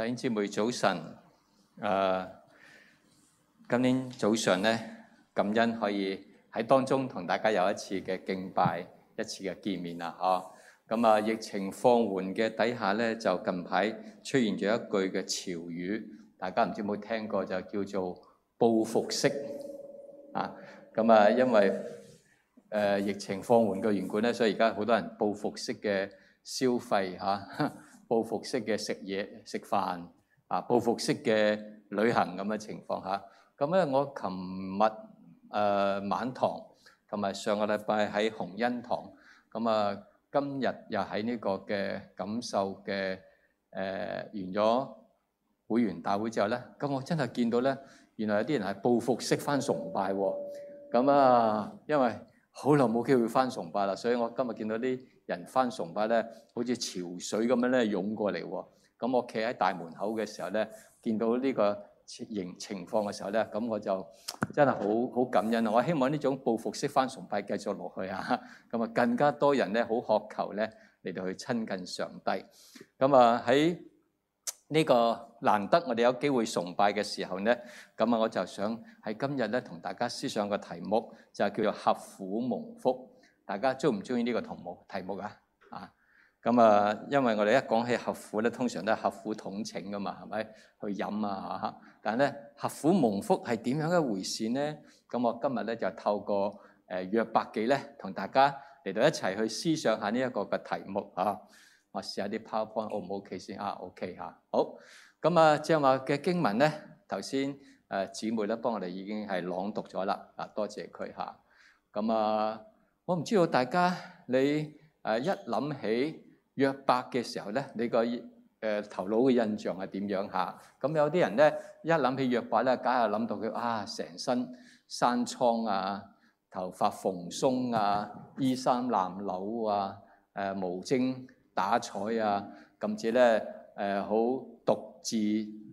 弟兄姊妹早晨，誒、呃，今天早上咧，感恩可以喺當中同大家有一次嘅敬拜，一次嘅見面啦，嚇、啊。咁啊，疫情放緩嘅底下咧，就近排出現咗一句嘅潮語，大家唔知有冇聽過？就叫做報復式啊。咁啊，因為誒、啊、疫情放緩嘅緣故咧，所以而家好多人報復式嘅消費嚇。啊報復式嘅食嘢食飯啊，報復式嘅旅行，咁嘅情況下，咁、嗯、咧我琴日誒晚堂，同埋上個禮拜喺紅恩堂，咁、嗯、啊今日又喺呢個嘅感受嘅誒完咗會員大會之後咧，咁我真係見到咧，原來有啲人係報復式翻崇拜喎，咁、嗯、啊、嗯、因為好耐冇機會翻崇拜啦，所以我今日見到啲人翻崇拜咧，好似潮水咁樣咧湧過嚟喎。咁我企喺大門口嘅時候咧，見到呢個情形情況嘅時候咧，咁我就真係好好感恩啊！我希望呢種報復式翻崇拜繼續落去啊！咁啊，更加多人咧好渴求咧嚟到去親近上帝。咁啊，喺呢個難得我哋有機會崇拜嘅時候咧，咁啊我就想喺今日咧同大家思想嘅題目就係叫做闔府蒙福。大家中唔中意呢個題目啊？啊咁啊，因為我哋一講起闔府咧，通常都係闔府統請噶嘛，係咪去飲啊嚇？但係咧闔府蒙福係點樣嘅回事咧？咁我今日咧就透過誒《約伯記》咧，同大家嚟到一齊去思想下呢一個嘅題目嚇。我試下啲 PowerPoint，O 唔 OK 先啊？OK 嚇，好咁啊。將話嘅經文咧，頭先誒姊妹咧幫我哋已經係朗讀咗啦。啊，多謝佢嚇。咁啊～啊我唔知道大家你誒一諗起約伯嘅時候咧，你個誒、呃、頭腦嘅印象係點樣嚇？咁有啲人咧一諗起約伯咧，梗係諗到佢啊，成身生瘡啊，頭髮蓬鬆啊，衣衫襤褸啊，誒、呃、無精打采啊，甚至咧誒好獨自，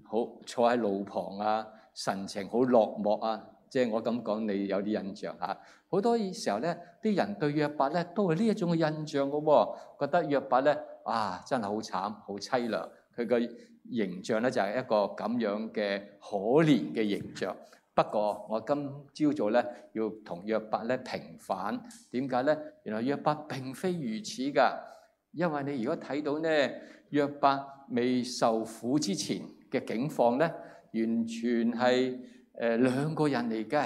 好坐喺路旁啊，神情好落寞啊。即係我咁講，你有啲印象吓。好多時候咧，啲人對約伯咧都係呢一種嘅印象嘅喎，覺得約伯咧，啊，真係好慘，好淒涼。佢嘅形象咧就係一個咁樣嘅可憐嘅形象。不過我今朝早咧要同約伯咧平反，點解咧？原來約伯並非如此㗎，因為你如果睇到咧約伯未受苦之前嘅境況咧，完全係、嗯。誒，兩個人嚟嘅。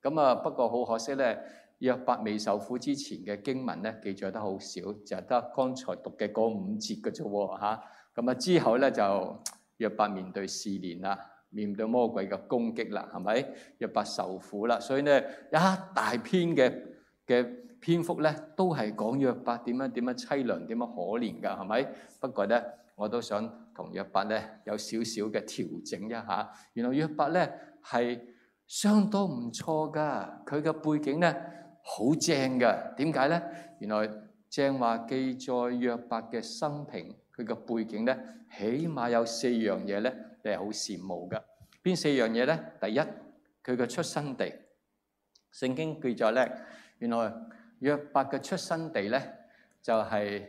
咁啊，不過好可惜咧。約伯未受苦之前嘅經文咧，記載得好少，就係得剛才讀嘅嗰五節嘅啫喎嚇。咁啊之後咧就約伯面對試煉啦，面對魔鬼嘅攻擊啦，係咪？約伯受苦啦，所以咧一大篇嘅嘅篇幅咧都係講約伯點樣點樣淒涼、點樣可憐㗎，係咪？不過咧我都想同約伯咧有少少嘅調整一下。原來約伯咧～係相當唔錯噶，佢嘅背景咧好正噶。點解咧？原來正話記載約伯嘅生平，佢嘅背景咧起碼有四樣嘢咧，你係好羨慕噶。邊四樣嘢咧？第一，佢嘅出生地。聖經記載咧，原來約伯嘅出生地咧就係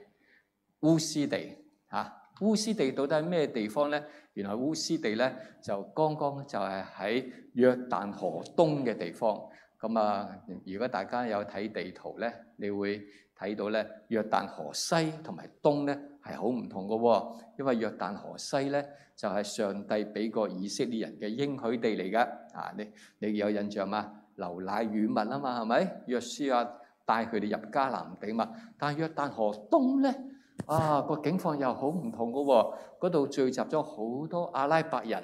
烏斯地嚇。烏斯地到底係咩地方呢？原來烏斯地呢，就剛剛就係喺約旦河東嘅地方。咁啊，如果大家有睇地圖呢，你會睇到呢約旦河西同埋東呢係好唔同嘅喎。因為約旦河西呢，就係上帝俾過以色列人嘅應許地嚟㗎。啊，你你有印象嘛？流奶與蜜啊嘛，係咪約書亞，帶佢哋入迦南地嘛？但係約旦河東呢。啊！呢個境況又好唔同嘅喎，啊，嗰度聚集咗好多阿拉伯人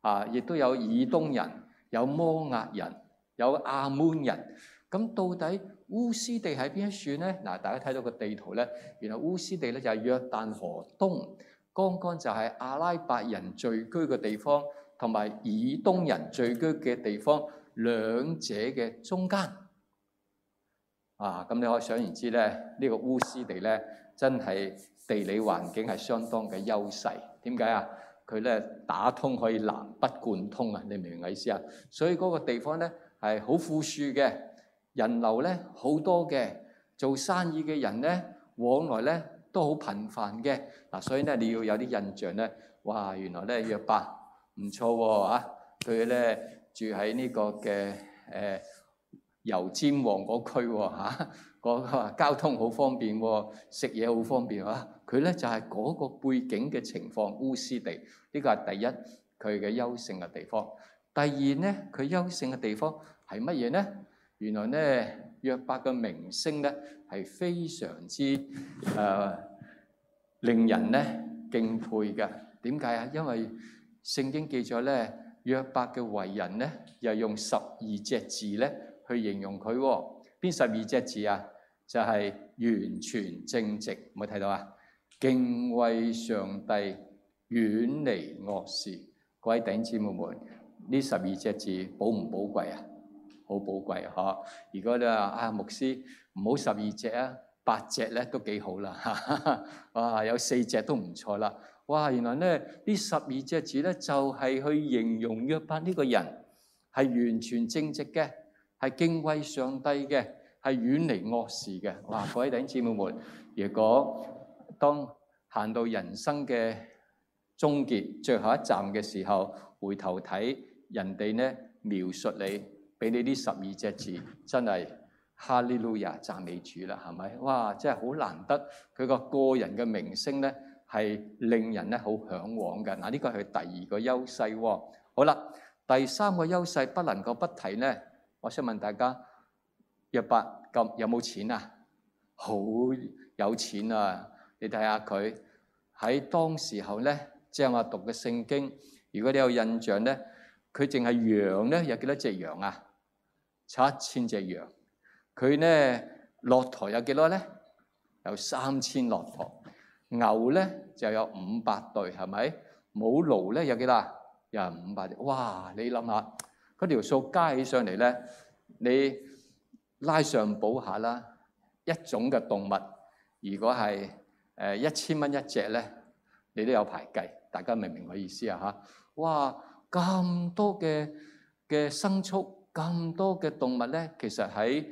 啊，亦都有以東人、有摩押人、有亞門人。咁、啊、到底烏斯地喺邊一處咧？嗱、啊，大家睇到個地圖咧，原來烏斯地咧就係約旦河東，剛剛就係阿拉伯人聚居嘅地方，同埋以東人聚居嘅地方兩者嘅中間。啊！咁、嗯、你可想而知咧，呢、呢個烏斯地咧。真係地理環境係相當嘅優勢，點解啊？佢咧打通可以南北貫通啊！你明唔明我意思啊？所以嗰個地方咧係好富庶嘅，人流咧好多嘅，做生意嘅人咧往來咧都好頻繁嘅嗱。所以咧你要有啲印象咧，哇！原來咧約伯唔錯喎嚇，佢咧住喺呢、這個嘅誒、呃、油尖旺嗰區喎嚇講交通好方便喎，食嘢好方便嚇。佢咧就係嗰個背景嘅情況，烏斯地呢個係第一佢嘅優勝嘅地方。第二咧，佢優勝嘅地方係乜嘢咧？原來咧，約伯嘅名聲咧係非常之誒令人咧敬佩嘅。點解啊？因為聖經記載咧，約伯嘅為人咧，又用十二隻字咧去形容佢喎。邊十二隻字啊？就係、是、完全正直，冇睇到啊！敬畏上帝，遠離惡事。各位弟兄姊妹們，呢十二隻字寶唔寶貴啊？好寶貴嗬、啊！如果你話啊牧師唔好十二隻啊，八隻咧都幾好啦。哇，有四隻都唔錯啦。哇，原來咧呢十二隻字咧就係去形容約伯呢個人係完全正直嘅。係敬畏上帝嘅，係遠離惡事嘅。嗱，各位弟兄姊妹們，如果當行到人生嘅終結最後一站嘅時候，回頭睇人哋咧描述你，俾你呢十二隻字，真係哈利路亞讚美主啦，係咪？哇！真係好難得佢個個人嘅名聲咧，係令人咧好嚮往嘅。嗱，呢個係佢第二個優勢。好啦，第三個優勢不能夠不提咧。我想問大家，約伯噉有冇錢啊？好有錢啊！你睇下佢喺當時候咧，即係我讀嘅聖經，如果你有印象咧，佢淨係羊咧有幾多隻羊啊？七千隻羊，佢咧駱駝有幾多咧？有三千駱駝，牛咧就有五百對，係咪？母驢咧有幾多？又係五百隻。哇！你諗下。嗰條數加起上嚟咧，你拉上補下啦。一種嘅動物，如果係誒一千蚊一隻咧，你都有排計。大家明唔明我意思啊？嚇哇！咁多嘅嘅牲畜，咁多嘅動物咧，其實喺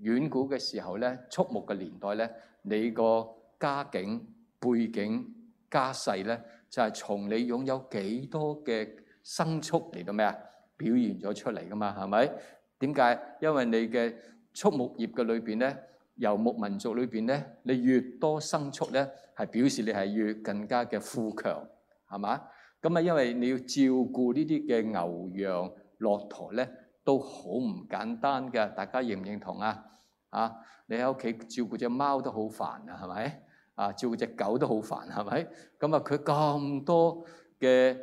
遠古嘅時候咧，畜牧嘅年代咧，你個家境背景家世咧，就係從你擁有幾多嘅牲畜嚟到咩啊？表現咗出嚟㗎嘛？係咪？點解？因為你嘅畜牧業嘅裏邊咧，游牧民族裏邊咧，你越多牲畜咧，係表示你係越更加嘅富強，係嘛？咁啊，因為你要照顧呢啲嘅牛羊、駱駝咧，都好唔簡單嘅。大家認唔認同啊？啊，你喺屋企照顧隻貓都好煩啊，係咪？啊，照顧隻狗都好煩，係咪？咁啊，佢咁多嘅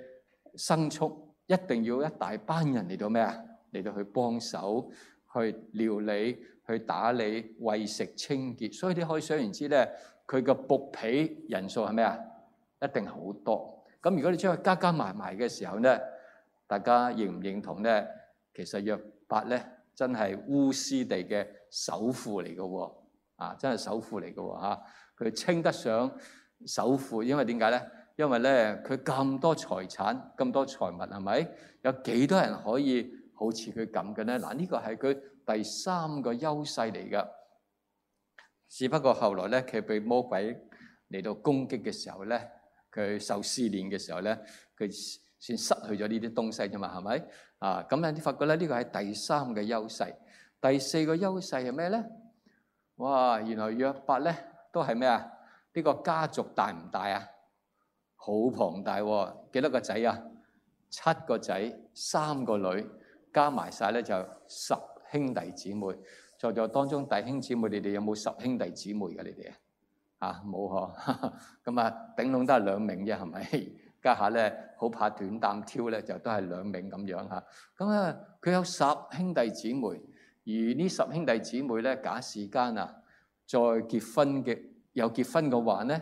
牲畜。一定要一大班人嚟到咩啊？嚟到去幫手、去料理、去打理、餵食、清潔。所以你可以想而知咧，佢嘅僕婢人數係咩啊？一定好多。咁如果你出去加加埋埋嘅時候咧，大家認唔認同咧？其實約伯咧真係烏斯地嘅首富嚟嘅喎，啊，真係首富嚟嘅喎嚇。佢稱得上首富，因為點解咧？因為咧，佢咁多財產，咁多財物，係咪有幾多人可以好似佢咁嘅咧？嗱，呢個係佢第三個優勢嚟㗎。只不過後來咧，佢被魔鬼嚟到攻擊嘅時候咧，佢受試煉嘅時候咧，佢算失去咗呢啲東西啫嘛，係咪啊？咁有啲發覺咧，呢個係第三個優勢。第四個優勢係咩咧？哇！原來約伯咧都係咩啊？呢個家族大唔大啊？好龐大喎，啊，幾多個仔啊？七個仔，三個女，加埋晒咧就十兄弟姊妹。在座當中弟兄姊妹，你哋有冇十兄弟姊妹㗎？你哋啊，嚇冇嗬？咁啊，頂籠都係兩名啫，係咪？家下咧好怕短擔挑咧，就都係兩名咁樣嚇。咁啊，佢有十兄弟姊妹，啊啊啊啊 啊、妹，而呢十兄弟姊妹咧，假時間啊，再結婚嘅有結婚嘅話咧。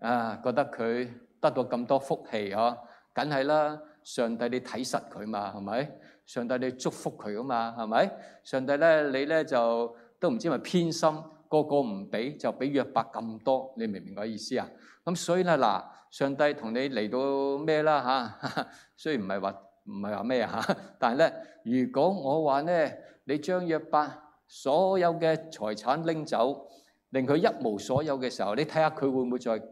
啊，覺得佢得到咁多福氣嗬，梗係啦！上帝你睇實佢嘛，係咪？上帝你祝福佢啊嘛，係咪？上帝咧，你咧就都唔知係咪偏心，個個唔俾就俾約伯咁多，你明唔明我意思啊？咁所以咧嗱，上帝同你嚟到咩啦嚇？雖然唔係話唔係話咩嚇，但係咧，如果我話咧，你將約伯所有嘅財產拎走，令佢一無所有嘅時候，你睇下佢會唔會再？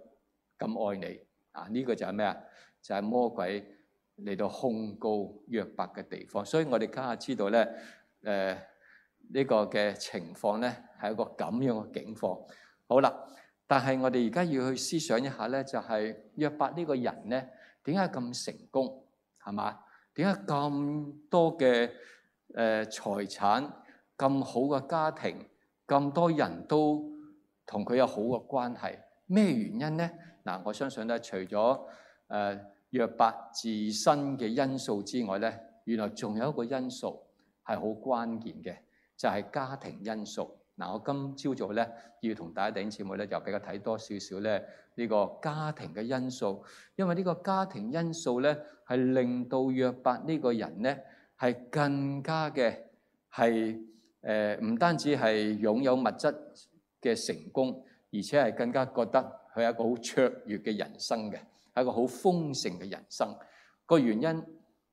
咁愛你啊！呢、這個就係咩啊？就係、是、魔鬼嚟到控告約伯嘅地方。所以我哋家下知道咧，誒、呃、呢、這個嘅情況咧係一個咁樣嘅境況。好啦，但係我哋而家要去思想一下咧，就係約伯呢個人咧，點解咁成功？係嘛？點解咁多嘅誒、呃、財產、咁好嘅家庭、咁多人都同佢有好嘅關係？咩原因咧？嗱，我相信咧，除咗誒約伯自身嘅因素之外咧，原來仲有一個因素係好關鍵嘅，就係、是、家庭因素。嗱，我今朝早咧要同大家頂尖節目咧，就比較睇多少少咧呢個家庭嘅因素，因為呢個家庭因素咧係令到約伯呢個人咧係更加嘅係誒，唔、呃、單止係擁有物質嘅成功，而且係更加覺得。佢係一個好卓越嘅人生嘅，係一個好豐盛嘅人生。個原因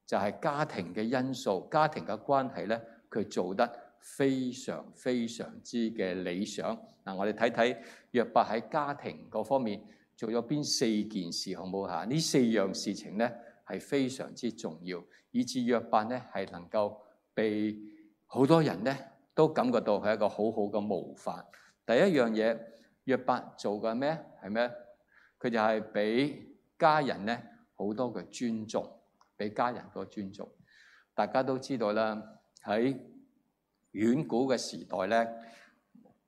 就係家庭嘅因素，家庭嘅關係咧，佢做得非常非常之嘅理想。嗱、啊，我哋睇睇約伯喺家庭各方面做咗邊四件事，好唔好啊？呢四樣事情咧係非常之重要，以至約伯咧係能夠被好多人咧都感覺到佢係一個好好嘅模範。第一樣嘢。約伯做緊咩？係咩？佢就係俾家人咧好多嘅尊重，俾家人個尊重。大家都知道啦，喺遠古嘅時代咧，誒、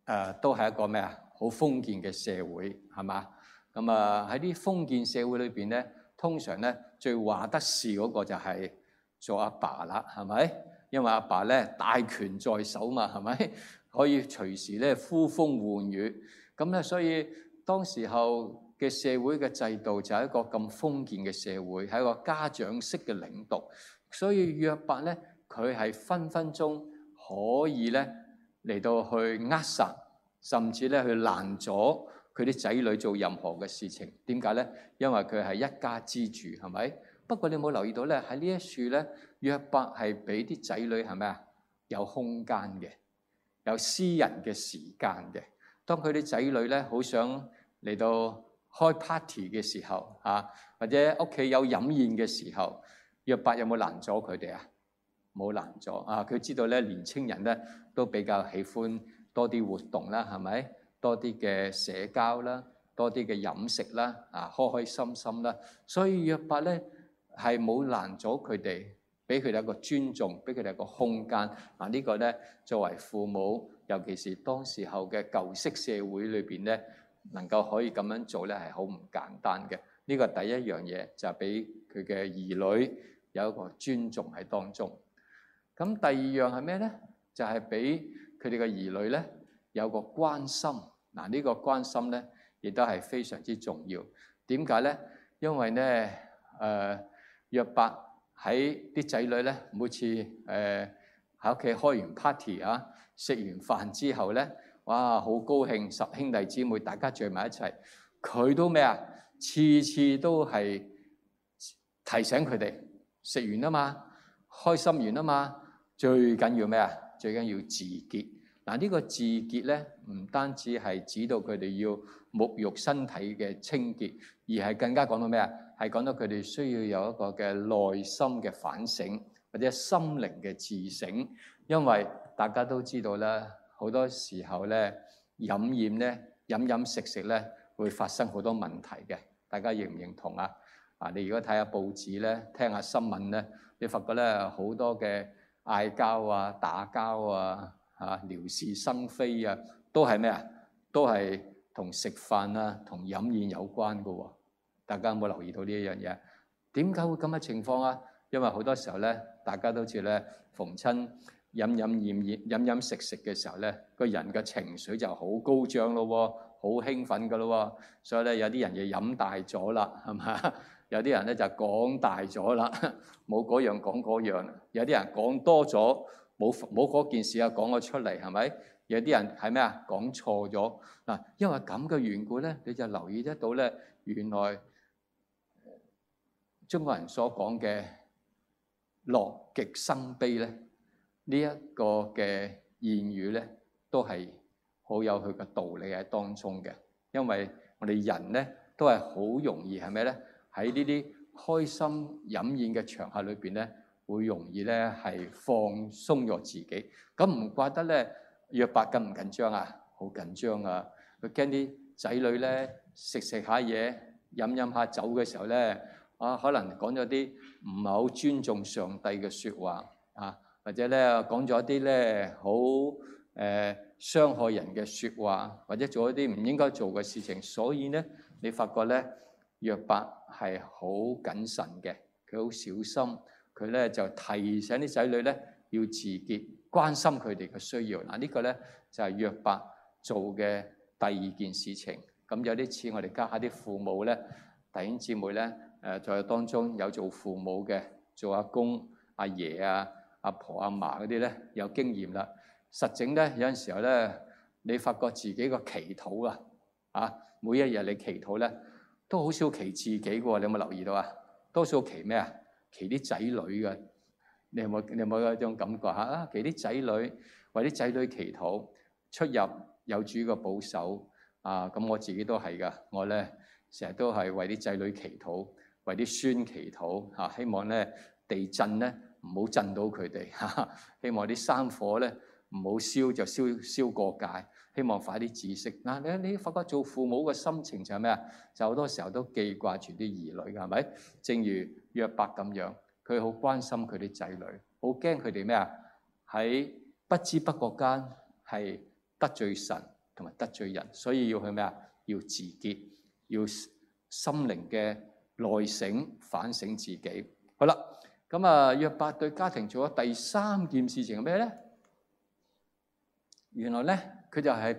呃、都係一個咩啊？好封建嘅社會係嘛？咁啊喺啲封建社會裏邊咧，通常咧最話得事嗰個就係做阿爸啦，係咪？因為阿爸咧大權在手嘛，係咪？可以隨時咧呼風喚雨。咁咧，所以當時候嘅社會嘅制度就係一個咁封建嘅社會，係一個家長式嘅領導。所以約伯咧，佢係分分鐘可以咧嚟到去扼殺，甚至咧去攔阻佢啲仔女做任何嘅事情。點解咧？因為佢係一家之主，係咪？不過你冇留意到咧，喺呢一處咧，約伯係俾啲仔女係咪啊？有空間嘅，有私人嘅時間嘅。當佢啲仔女咧好想嚟到開 party 嘅時候啊，或者屋企有飲宴嘅時候，約伯有冇攔阻佢哋啊？冇攔阻啊！佢知道咧，年青人咧都比較喜歡多啲活動啦，係咪多啲嘅社交啦，多啲嘅飲食啦，啊，開開心心啦，所以約伯咧係冇攔阻佢哋。俾佢哋一個尊重，俾佢哋一個空間。嗱呢個咧，作為父母，尤其是當時候嘅舊式社會裏邊咧，能夠可以咁樣做咧，係好唔簡單嘅。呢個第一樣嘢就係俾佢嘅兒女有一個尊重喺當中。咁第二樣係咩咧？就係俾佢哋嘅兒女咧有個關心。嗱呢個關心咧亦都係非常之重要。點解咧？因為咧誒約伯。喺啲仔女咧，每次誒喺屋企開完 party 啊，食完飯之後咧，哇，好高興十兄弟姊妹大家聚埋一齊，佢都咩啊？次次都係提醒佢哋食完啊嘛，開心完啊嘛，最緊要咩啊？最緊要自潔。嗱，呢個自潔咧，唔單止係指到佢哋要沐浴身體嘅清潔，而係更加講到咩啊？係講到佢哋需要有一個嘅內心嘅反省，或者心靈嘅自省，因為大家都知道咧，好多時候咧，飲宴咧，飲飲食食咧會發生好多問題嘅。大家認唔認同啊？啊！你如果睇下報紙咧，聽下新聞咧，你發覺咧，好多嘅嗌交啊、打交啊、嚇、啊、聊是生非啊，都係咩啊？都係同食飯啊、同飲宴有關㗎喎、啊。大家有冇留意到呢一樣嘢？點解會咁嘅情況啊？因為好多時候咧，大家都似咧逢親飲飲宴宴飲飲食食嘅時候咧，個人嘅情緒就好高漲咯，好興奮噶咯，所以咧有啲人就飲大咗啦，係嘛？有啲人咧就講大咗啦，冇嗰樣講嗰樣，有啲人講多咗冇冇嗰件事啊，講咗出嚟係咪？有啲人係咩啊？講錯咗嗱，因為咁嘅緣故咧，你就留意得到咧，原來。中國人所講嘅樂極生悲咧，呢一個嘅諺語咧，都係好有佢嘅道理喺當中嘅。因為我哋人咧都係好容易係咩咧？喺呢啲開心飲宴嘅場合裏邊咧，會容易咧係放鬆咗自己。咁唔怪得咧，約伯緊唔緊張啊？好緊張啊，佢驚啲仔女咧食食下嘢、飲飲下酒嘅時候咧。啊，可能講咗啲唔係好尊重上帝嘅説話啊，或者咧講咗啲咧好誒傷害人嘅説話，或者做一啲唔應該做嘅事情，所以咧你發覺咧約伯係好謹慎嘅，佢好小心，佢咧就提醒啲仔女咧要自潔，關心佢哋嘅需要嗱。呢、呢個咧就係約伯做嘅第二件事情。咁有啲似我哋家下啲父母咧，弟兄姊妹咧。誒，在當中有做父母嘅，做阿公、阿爺啊、阿婆、阿嫲嗰啲咧有經驗啦。實整咧，有陣時候咧，你發覺自己個祈禱啊，啊每一日你祈禱咧都好少祈自己嘅，你有冇留意到啊？多數祈咩啊？祈啲仔女嘅，你有冇你有冇一種感覺吓啊？祈啲仔女，為啲仔女祈禱，出入有主嘅保守啊！咁我自己都係噶，我咧成日都係為啲仔女祈禱。為啲孫祈禱嚇，希望咧地震咧唔好震到佢哋嚇。希望啲山火咧唔好燒就燒燒過界。希望快啲止息嗱。你你發覺做父母嘅心情就係咩啊？就好多時候都記掛住啲兒女㗎，係咪？正如約伯咁樣，佢好關心佢啲仔女，好驚佢哋咩啊？喺不知不覺間係得罪神同埋得罪人，所以要去咩啊？要自潔，要心靈嘅。內省反省自己，好啦。咁啊，約伯對家庭做咗第三件事情係咩咧？原來咧，佢就係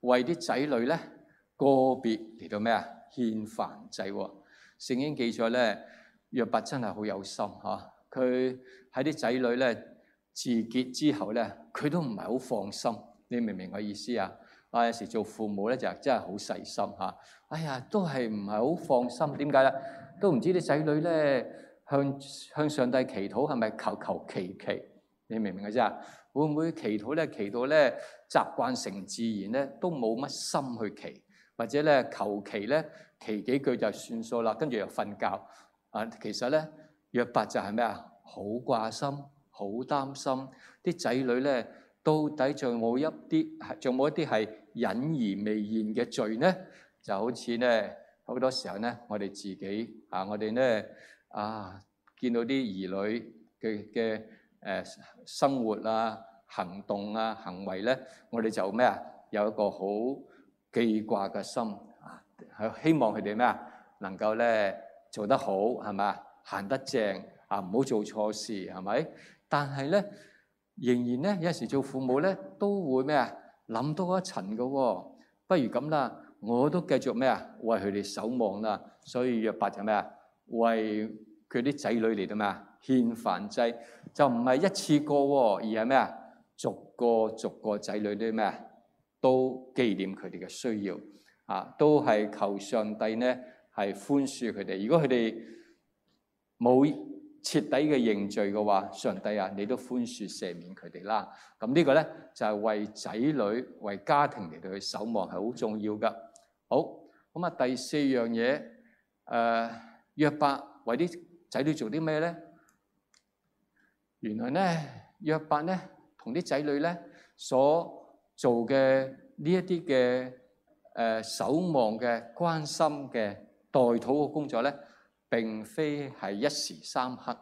為啲仔女咧個別嚟到咩啊？獻燔祭。聖經記載咧，約伯真係好有心嚇。佢喺啲仔女咧自結之後咧，佢都唔係好放心。你明唔明我意思啊？啊！有時做父母咧就真係好細心嚇。哎呀，都係唔係好放心？點解咧？都唔知啲仔女咧向向上帝祈禱係咪求求其其？你明唔明嘅啫？會唔會祈禱咧？祈禱咧習慣成自然咧，都冇乜心去祈，或者咧求其咧祈幾句就算數啦，跟住又瞓覺。啊，其實咧約伯就係咩啊？好掛心，好擔心啲仔女咧，到底仲冇一啲係仲冇一啲係，隱而未現嘅罪呢，就好似呢好多時候呢，我哋自己啊，我哋呢啊，見到啲兒女嘅嘅誒生活啊、行動啊、行為咧，我哋就咩啊，有一個好記掛嘅心啊，係希望佢哋咩啊，能夠咧做得好係咪啊，行得正啊，唔好做錯事係咪？但係咧，仍然咧有時做父母咧都會咩啊？諗多一層嘅，哦，不如咁啦，我都繼續咩啊？為佢哋守望啦，所以約伯就咩啊？為佢啲仔女嚟到咩啊？獻燔祭就唔係一次過，而係咩啊？逐個逐個仔女啲咩啊？都紀念佢哋嘅需要，啊，都係求上帝呢係寬恕佢哋。如果佢哋冇徹底嘅認罪嘅話，上帝啊，你都寬恕赦免佢哋啦。咁呢個咧就係為仔女、為家庭嚟到去守望係好重要噶。好，咁啊第四樣嘢，誒約伯為啲仔女做啲咩咧？原來咧約伯咧同啲仔女咧所做嘅呢一啲嘅誒守望嘅關心嘅代禱嘅工作咧，並非係一時三刻，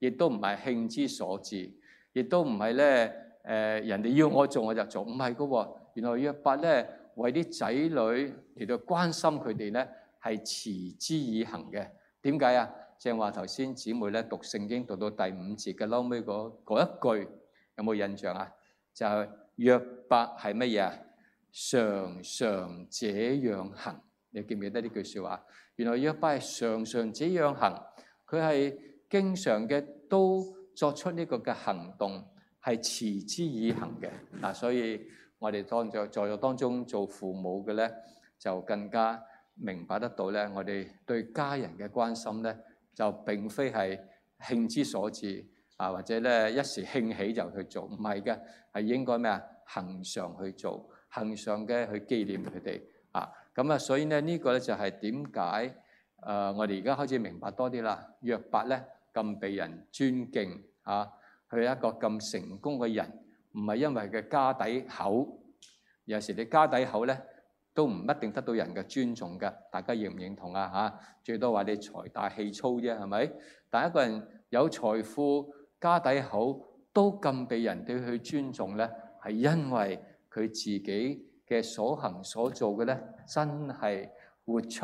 亦都唔係興之所至，亦都唔係咧誒人哋要我做我就做，唔係噶喎。原來約伯咧為啲仔女嚟到關心佢哋咧，係持之以恒嘅。點解啊？正話頭先姊妹咧讀聖經讀到第五節嘅後尾嗰一句，有冇印象啊？就係約伯係乜嘢啊？常常這樣行，你記唔記得呢句説話？原來約伯係常常這樣行，佢係經常嘅都作出呢個嘅行動，係持之以恒嘅嗱。所以我哋當在座當中做父母嘅咧，就更加明白得到咧，我哋對家人嘅關心咧，就並非係興之所至啊，或者咧一時興起就去做，唔係嘅，係應該咩啊？恆常去做，恆常嘅去紀念佢哋啊。咁啊，所以咧呢個咧就係點解？誒、呃，我哋而家開始明白多啲啦。約伯咧咁被人尊敬啊，佢一個咁成功嘅人，唔係因為佢家底厚。有時你家底厚咧，都唔一定得到人嘅尊重嘅。大家認唔認同啊？嚇，最多話你財大氣粗啫，係咪？但一個人有財富、家底好都咁被人對佢尊重咧，係因為佢自己。嘅所行所做嘅咧，真係活出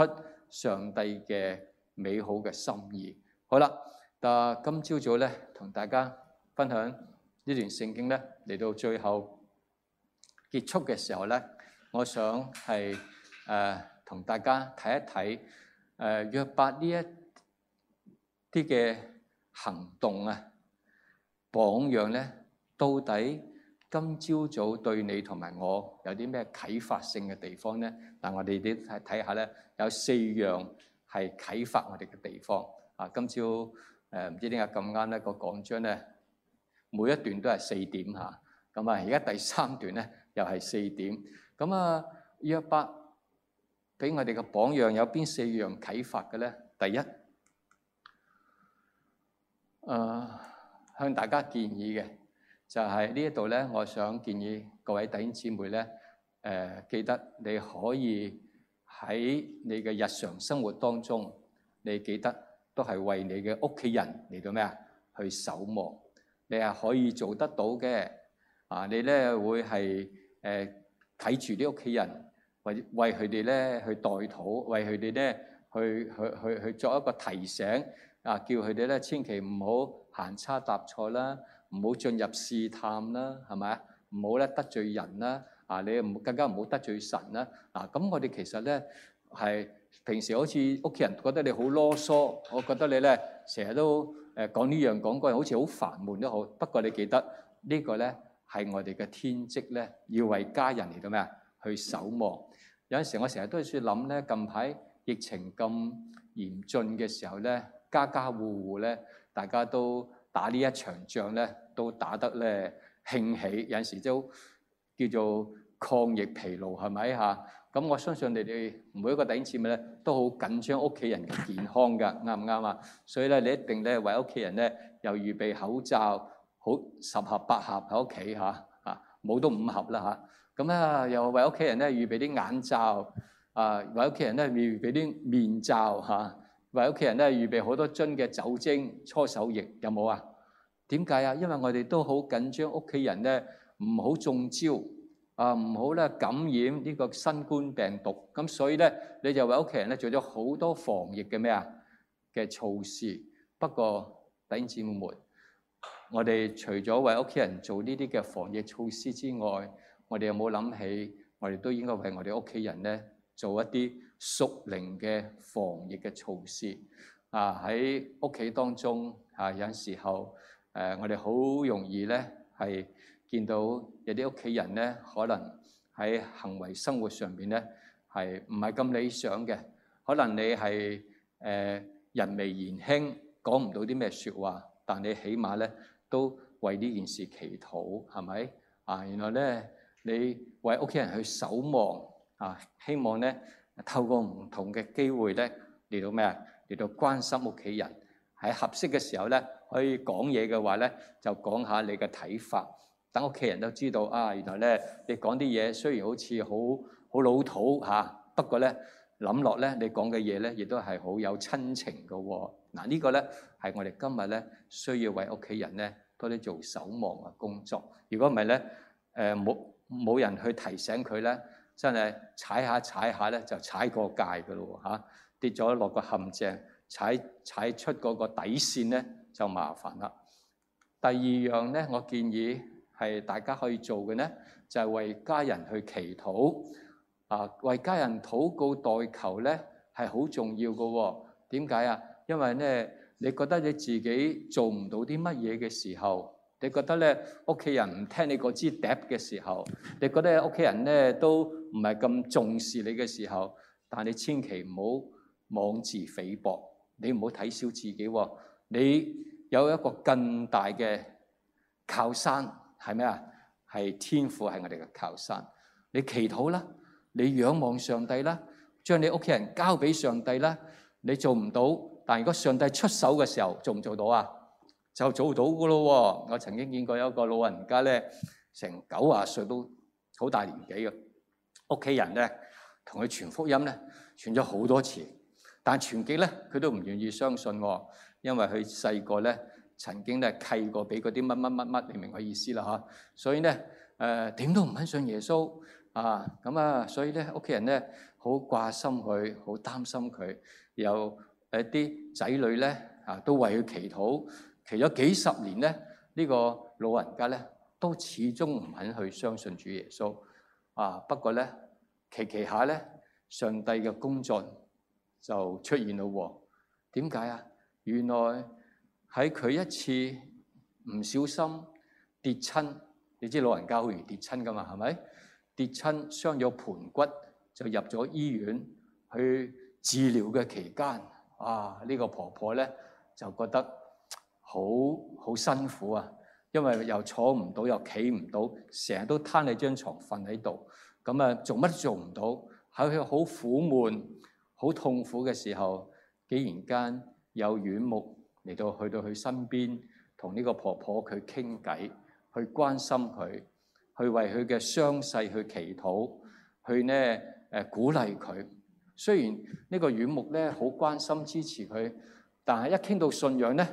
上帝嘅美好嘅心意。好啦，但今朝早咧同大家分享呢段聖經咧，嚟到最後結束嘅時候咧，我想係誒同大家睇一睇誒約伯呢一啲嘅行動啊、榜樣咧，到底。今朝早對你同埋我有啲咩啟發性嘅地方咧？但我哋啲睇睇下咧，有四樣係啟發我哋嘅地方。啊，今朝誒唔知點解咁啱咧個講章咧，每一段都係四點嚇。咁啊，而家第三段咧又係四點。咁、嗯、啊，約伯俾我哋嘅榜樣有邊四樣啟發嘅咧？第一，誒、呃、向大家建議嘅。就係呢一度咧，我想建議各位弟兄姊妹咧，誒記得你可以喺你嘅日常生活當中，你記得都係為你嘅屋企人嚟到咩啊？去守望，你係可以做得到嘅啊！你咧會係誒睇住啲屋企人，為為佢哋咧去代禱，為佢哋咧去去去去作一個提醒啊！叫佢哋咧千祈唔好行差踏錯啦～唔好進入試探啦，係咪啊？唔好咧得罪人啦，啊！你又更加唔好得罪神啦，啊！咁我哋其實咧係平時好似屋企人覺得你好囉嗦，我覺得你咧成日都誒講呢樣講嗰樣，好似好煩悶都好。不過你記得、這個、呢個咧係我哋嘅天職咧，要為家人嚟到咩啊？去守望。有陣時我成日都喺度諗咧，近排疫情咁嚴峻嘅時候咧，家家戶戶咧，大家都打呢一場仗咧。都打得咧興起，有時都叫做抗疫疲勞，係咪嚇？咁、啊、我相信你哋每一個頂節目咧，都好緊張屋企人嘅健康㗎，啱唔啱啊？所以咧，你一定咧為屋企人咧又預備口罩，好十盒八盒喺屋企嚇啊！冇、啊、都五盒啦嚇。咁、啊、咧、啊、又為屋企人咧預備啲眼罩啊，為屋企人咧預備啲面罩嚇、啊，為屋企人咧預備好多樽嘅酒精搓手液，有冇啊？點解啊？因為我哋都好緊張，屋企人咧唔好中招啊，唔好咧感染呢個新冠病毒。咁所以咧，你就為屋企人咧做咗好多防疫嘅咩啊嘅措施。不過，弟兄姊妹們，我哋除咗為屋企人做呢啲嘅防疫措施之外，我哋有冇諗起？我哋都應該為我哋屋企人咧做一啲屬靈嘅防疫嘅措施啊！喺屋企當中啊，有時候。誒，我哋好容易咧，係見到有啲屋企人咧，可能喺行為生活上邊咧係唔係咁理想嘅？可能你係誒人微言輕，講唔到啲咩説話，但你起碼咧都為呢件事祈禱，係咪？啊，原來咧你為屋企人去守望啊，希望咧透過唔同嘅機會咧嚟到咩啊？嚟到關心屋企人，喺合適嘅時候咧。可以講嘢嘅話咧，就講下你嘅睇法。等屋企人都知道啊，原來咧你講啲嘢雖然好似好好老土嚇、啊，不過咧諗落咧，你講嘅嘢咧亦都係好有親情㗎喎、哦。嗱、啊這個、呢個咧係我哋今日咧需要為屋企人咧多啲做守望嘅工作。如果唔係咧，誒冇冇人去提醒佢咧，真係踩下踩下咧就踩過界㗎咯嚇，跌咗落個陷阱，踩踩出嗰個底線咧。就麻煩啦。第二樣咧，我建議係大家可以做嘅咧，就係、是、為家人去祈禱啊，為家人禱告代求咧，係好重要嘅、哦。點解啊？因為咧，你覺得你自己做唔到啲乜嘢嘅時候，你覺得咧屋企人唔聽你嗰支笛嘅時候，你覺得屋企人咧都唔係咁重視你嘅時候，但你千祈唔好妄自菲薄，你唔好睇小自己喎、哦。你有一個更大嘅靠山，係咩啊？係天父係我哋嘅靠山。你祈禱啦，你仰望上帝啦，將你屋企人交俾上帝啦。你做唔到，但如果上帝出手嘅時候，做唔做到啊？就做到噶咯。我曾經見過有一個老人家咧，成九啊歲都好大年紀嘅，屋企人咧同佢傳福音咧，傳咗好多次，但傳極咧佢都唔願意相信喎。因為佢細個咧，曾經咧契過俾嗰啲乜乜乜乜，你明我意思啦嚇。所以咧，誒、呃、點都唔肯信耶穌啊。咁啊，所以咧屋企人咧好掛心佢，好擔心佢，有一啲仔女咧啊，都為佢祈禱，祈咗幾十年咧。呢、這個老人家咧都始終唔肯去相信主耶穌啊。不過咧，期期下咧，上帝嘅工作就出現啦喎。點解啊？原來喺佢一次唔小心跌親，你知老人家好易跌親㗎嘛？係咪跌親傷咗盆骨就入咗醫院去治療嘅期間啊，呢個婆婆咧就覺得好好辛苦啊，因為又坐唔到又企唔到，成日都攤你張床瞓喺度，咁啊做乜都做唔到，喺佢好苦悶、好痛苦嘅時候，竟然間。有院牧嚟到去到佢身邊，同呢個婆婆佢傾偈，去關心佢，去為佢嘅傷勢去祈禱，去咧誒、呃、鼓勵佢。雖然呢個院牧咧好關心支持佢，但係一傾到信仰咧，呢、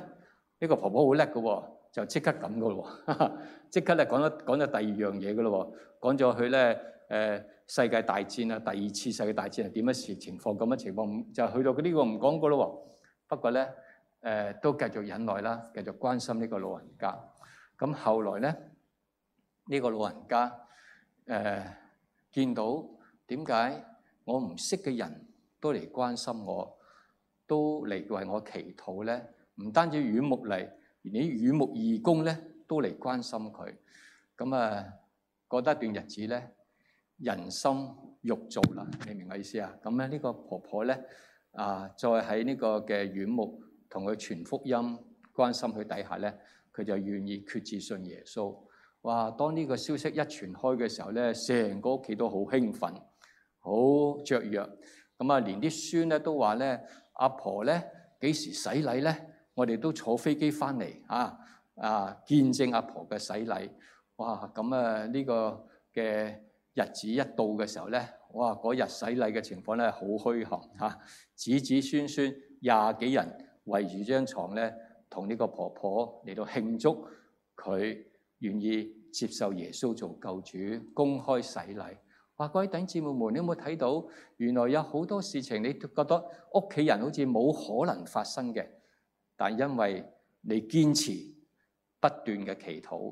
呢個婆婆好叻嘅喎，就即刻咁嘅咯，即刻咧講咗講咗第二樣嘢嘅咯，講咗佢咧誒世界大戰啊，第二次世界大戰係點樣事情況咁樣情況，就去到呢個唔講過咯、哦。不過咧，誒都繼續忍耐啦，繼續關心呢個老人家。咁後來咧，呢個老人家誒見到點解我唔識嘅人都嚟關心我，都嚟為我祈禱咧？唔單止羽木嚟，連羽木義工咧都嚟關心佢。咁啊，過得一段日子咧，人心肉做啦，你明唔明我意思啊？咁咧，呢個婆婆咧。啊！再喺呢個嘅院牧同佢傳福音、關心佢底下咧，佢就願意決志信耶穌。哇！當呢個消息一傳開嘅時候咧，成個屋企都好興奮、好雀躍。咁、嗯、啊，連啲孫咧都話咧：阿、啊、婆咧幾時洗禮咧？我哋都坐飛機翻嚟啊！啊，見證阿、啊、婆嘅洗禮。哇！咁、嗯、啊，呢、這個嘅日子一到嘅時候咧～哇！嗰日洗禮嘅情況咧，好虛寒嚇，子子孫孫廿幾人圍住張床咧，同呢個婆婆嚟到慶祝，佢願意接受耶穌做救主，公開洗禮。哇！各位弟兄姊妹，你有冇睇到？原來有好多事情，你覺得屋企人好似冇可能發生嘅，但因為你堅持不斷嘅祈禱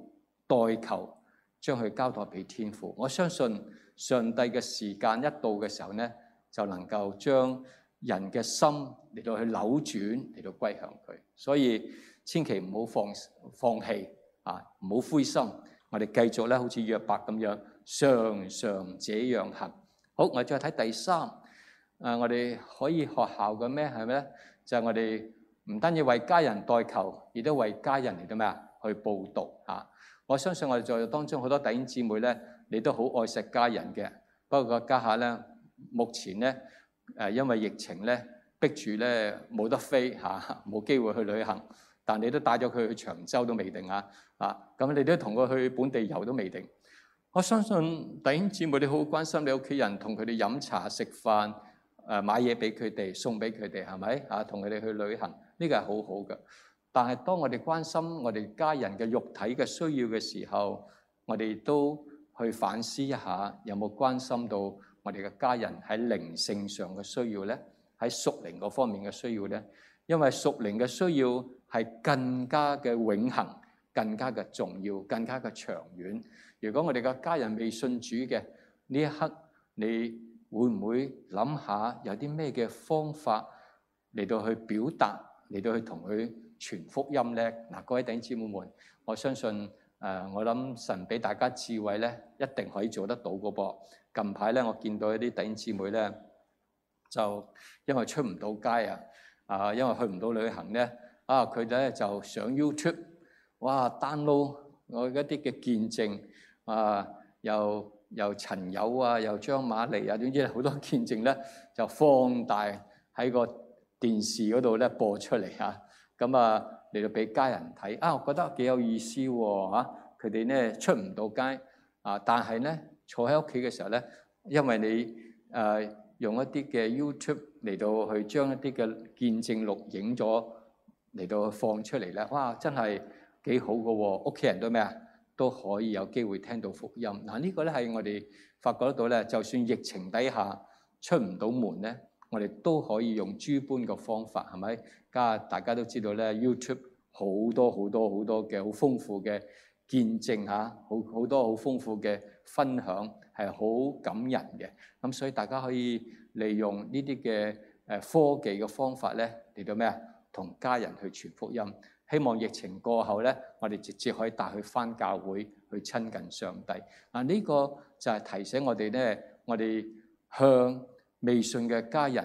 代求，將佢交代俾天父，我相信。上帝嘅時間一到嘅時候咧，就能夠將人嘅心嚟到去扭轉，嚟到歸向佢。所以千祈唔好放放棄啊，唔好灰心，我哋繼續咧，好似約伯咁樣，常常這樣行。好，我哋再睇第三，誒，我哋可以學效嘅咩？係咪咧？就係我哋唔單止為家人代求，亦都為家人嚟到咩啊？去報讀啊！我相信我哋在當中好多弟兄姊妹咧。你都好愛錫家人嘅，不過家下咧，目前咧誒，因為疫情咧，逼住咧冇得飛嚇，啊，冇機會去旅行。但你都帶咗佢去長洲都未定啊！啊，咁你都同佢去本地遊都未定。我相信弟兄姊妹，你好好關心你屋企人，同佢哋飲茶食飯，誒、啊、買嘢俾佢哋，送俾佢哋，係咪啊？同佢哋去旅行，呢個係好好嘅。但係當我哋關心我哋家人嘅肉體嘅需要嘅時候，我哋都～去反思一下，有冇關心到我哋嘅家人喺靈性上嘅需要咧？喺屬靈嗰方面嘅需要咧？因為屬靈嘅需要係更加嘅永恆，更加嘅重要，更加嘅長遠，如果我哋嘅家人未信主嘅呢一刻，你會唔會諗下有啲咩嘅方法嚟到去表達，嚟到去同佢傳福音咧？嗱，各位弟兄姊妹們，們我相信。誒、啊，我諗神俾大家智慧咧，一定可以做得到個噃。近排咧，我見到一啲弟兄姊妹咧，就因為出唔到街啊，啊，因為去唔到旅行咧，啊，佢哋咧就上 YouTube，哇，download 我一啲嘅見證啊，又又陳友啊，又張瑪莉啊，總之好多見證咧，就放大喺個電視嗰度咧播出嚟嚇，咁啊～、嗯啊嚟到俾家人睇啊，我覺得幾有意思喎嚇！佢哋咧出唔到街啊，但係咧坐喺屋企嘅時候咧，因為你誒、呃、用一啲嘅 YouTube 嚟到去將一啲嘅見證錄影咗嚟到放出嚟咧，哇！真係幾好嘅喎，屋企人都咩啊都可以有機會聽到福音。嗱、啊，呢個咧係我哋發覺得到咧，就算疫情底下出唔到門咧，我哋都可以用諸般嘅方法，係咪？家大家都知道咧，YouTube 好多好多好多嘅好豐富嘅見證嚇，好好多好豐富嘅分享係好感人嘅。咁所以大家可以利用呢啲嘅誒科技嘅方法咧嚟到咩啊？同家人去傳福音。希望疫情過後咧，我哋直接可以帶佢返教會去親近上帝。嗱、這、呢個就係提醒我哋咧，我哋向未信嘅家人。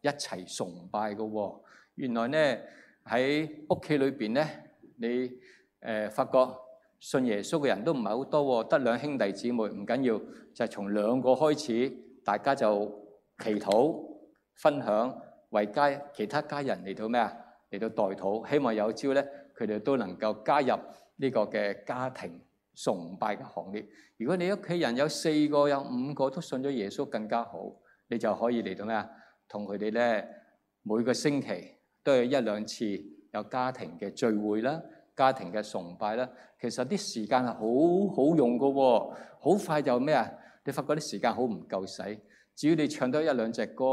一齊崇拜嘅喎，原來咧喺屋企裏邊咧，你誒發覺信耶穌嘅人都唔係好多，得兩兄弟姊妹唔緊要，就係從兩個開始，大家就祈禱、分享、為家其他家人嚟到咩啊？嚟到代禱，希望有朝咧佢哋都能夠加入呢個嘅家庭崇拜嘅行列。如果你屋企人有四個、有五個都信咗耶穌，更加好，你就可以嚟到咩啊？同佢哋咧，每個星期都有一兩次有家庭嘅聚會啦，家庭嘅崇拜啦，其實啲時間係好好用㗎喎，好快就咩啊？你發覺啲時間好唔夠使，只要你唱多一兩隻歌，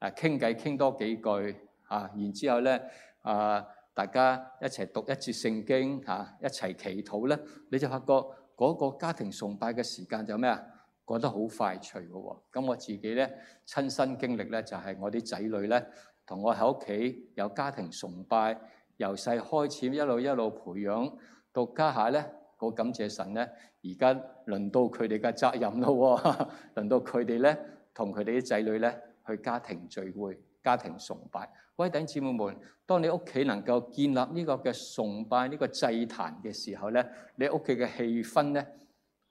誒傾偈傾多幾句嚇，然之後咧啊，大家一齊讀一節聖經嚇，一齊祈禱咧，你就發覺嗰個家庭崇拜嘅時間就咩啊？覺得好快脆嘅喎，咁我自己咧親身經歷咧，就係我啲仔女咧，同我喺屋企有家庭崇拜，由細開始一路一路培養到家下咧。我感謝神咧，而家輪到佢哋嘅責任咯、哦，輪 到佢哋咧同佢哋啲仔女咧去家庭聚會、家庭崇拜。各位弟兄姊妹們，當你屋企能夠建立呢個嘅崇拜呢、呢個祭壇嘅時候咧，你屋企嘅氣氛咧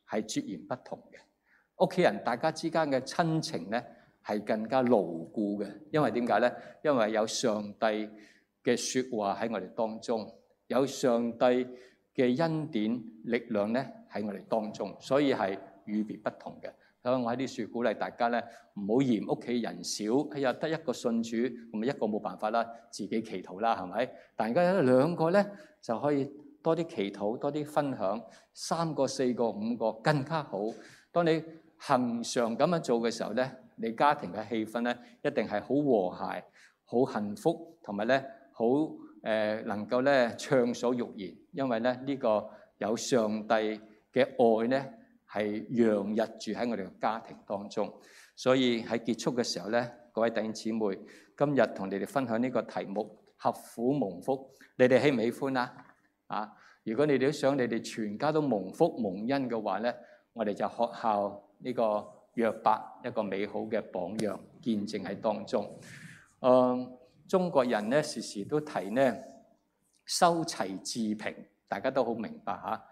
係截然不同嘅。屋企人大家之間嘅親情咧，係更加牢固嘅。因為點解咧？因為有上帝嘅説話喺我哋當中，有上帝嘅恩典力量咧喺我哋當中，所以係與別不同嘅。所以我喺啲說鼓勵大家咧，唔好嫌屋企人少。哎呀，得一個信主，咁咪一個冇辦法啦，自己祈禱啦，係咪？但係而家有兩個咧，就可以多啲祈禱，多啲分享。三個、四個、五個更加好。當你恒常咁樣做嘅時候咧，你家庭嘅氣氛咧一定係好和諧、好幸福，同埋咧好誒能夠咧暢所欲言，因為咧呢個有上帝嘅愛咧係洋溢住喺我哋嘅家庭當中。所以喺結束嘅時候咧，各位弟兄姊妹，今日同你哋分享呢個題目《闔府蒙福》，你哋喜唔喜歡啊？啊！如果你哋都想你哋全家都蒙福蒙恩嘅話咧，我哋就學校。呢個約伯一個美好嘅榜樣見證喺當中。誒、嗯，中國人咧時時都提呢，修齊治平，大家都好明白嚇、啊。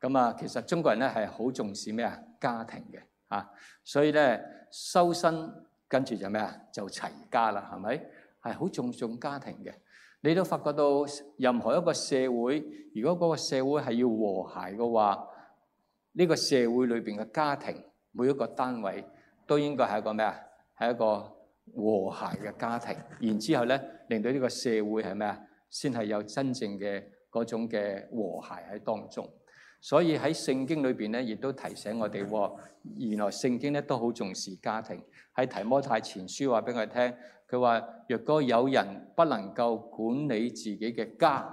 咁啊，其實中國人咧係好重視咩啊？家庭嘅嚇、啊，所以咧修身跟住就咩啊？就齊家啦，係咪係好重重家庭嘅？你都發覺到任何一個社會，如果嗰個社會係要和諧嘅話，呢、這個社會裏邊嘅家庭。每一個單位都應該係一個咩啊？係一個和諧嘅家庭，然之後咧，令到呢個社會係咩啊？先係有真正嘅嗰種嘅和諧喺當中。所以喺聖經裏邊咧，亦都提醒我哋，原來聖經咧都好重視家庭。喺提摩太前書話俾我哋聽，佢話：若果有人不能夠管理自己嘅家，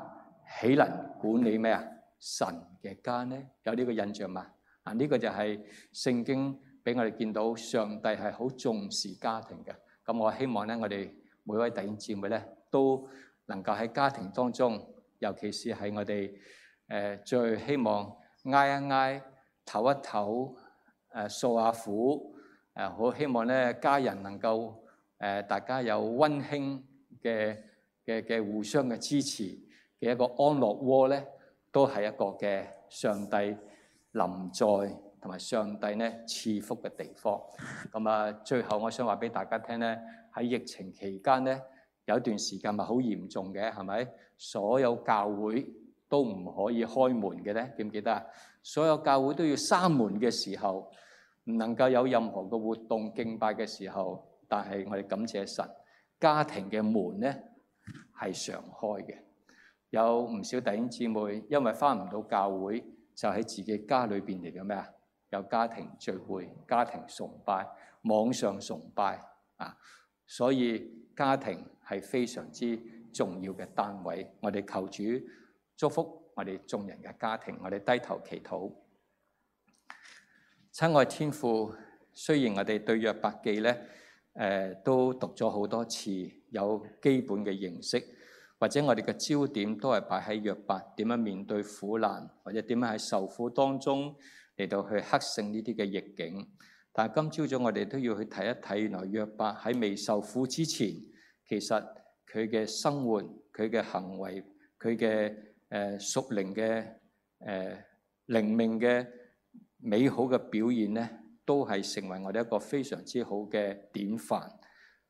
豈能管理咩啊？神嘅家咧，有呢個印象嗎？啊！呢個就係聖經俾我哋見到上帝係好重視家庭嘅。咁我希望咧，我哋每位弟兄姊妹咧，都能夠喺家庭當中，尤其是喺我哋誒最希望挨一挨、唞一唞、誒訴下苦誒，好希望咧家人能夠誒大家有溫馨嘅嘅嘅互相嘅支持嘅一個安樂窩咧，都係一個嘅上帝。臨在同埋上帝呢賜福嘅地方。咁啊，最後我想話俾大家聽呢，喺疫情期間呢，有一段時間咪好嚴重嘅，係咪？所有教會都唔可以開門嘅呢，記唔記得啊？所有教會都要閂門嘅時候，唔能夠有任何嘅活動敬拜嘅時候。但係我哋感謝神，家庭嘅門呢，係常開嘅。有唔少弟兄姊妹因為翻唔到教會。就喺自己家裏邊嚟嘅咩啊？有家庭聚會、家庭崇拜、網上崇拜啊！所以家庭係非常之重要嘅單位。我哋求主祝福我哋眾人嘅家庭。我哋低頭祈禱。親愛天父，雖然我哋對約伯記咧，誒、呃、都讀咗好多次，有基本嘅認識。或者我哋嘅焦點都係擺喺約伯點樣面對苦難，或者點樣喺受苦當中嚟到去克勝呢啲嘅逆境。但係今朝早我哋都要去睇一睇，原來約伯喺未受苦之前，其實佢嘅生活、佢嘅行為、佢嘅誒屬靈嘅誒靈命嘅美好嘅表現咧，都係成為我哋一個非常之好嘅典範。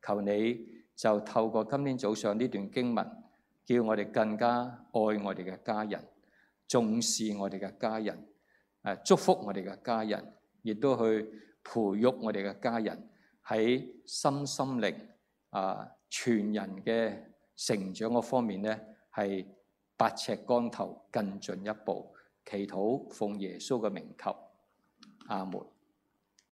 求你就透過今天早上呢段經文，叫我哋更加愛我哋嘅家人，重視我哋嘅家人，誒祝福我哋嘅家人，亦都去培育我哋嘅家人喺心心靈啊全人嘅成長嗰方面咧，係百尺竿頭更進一步，祈禱奉耶穌嘅名求，阿門。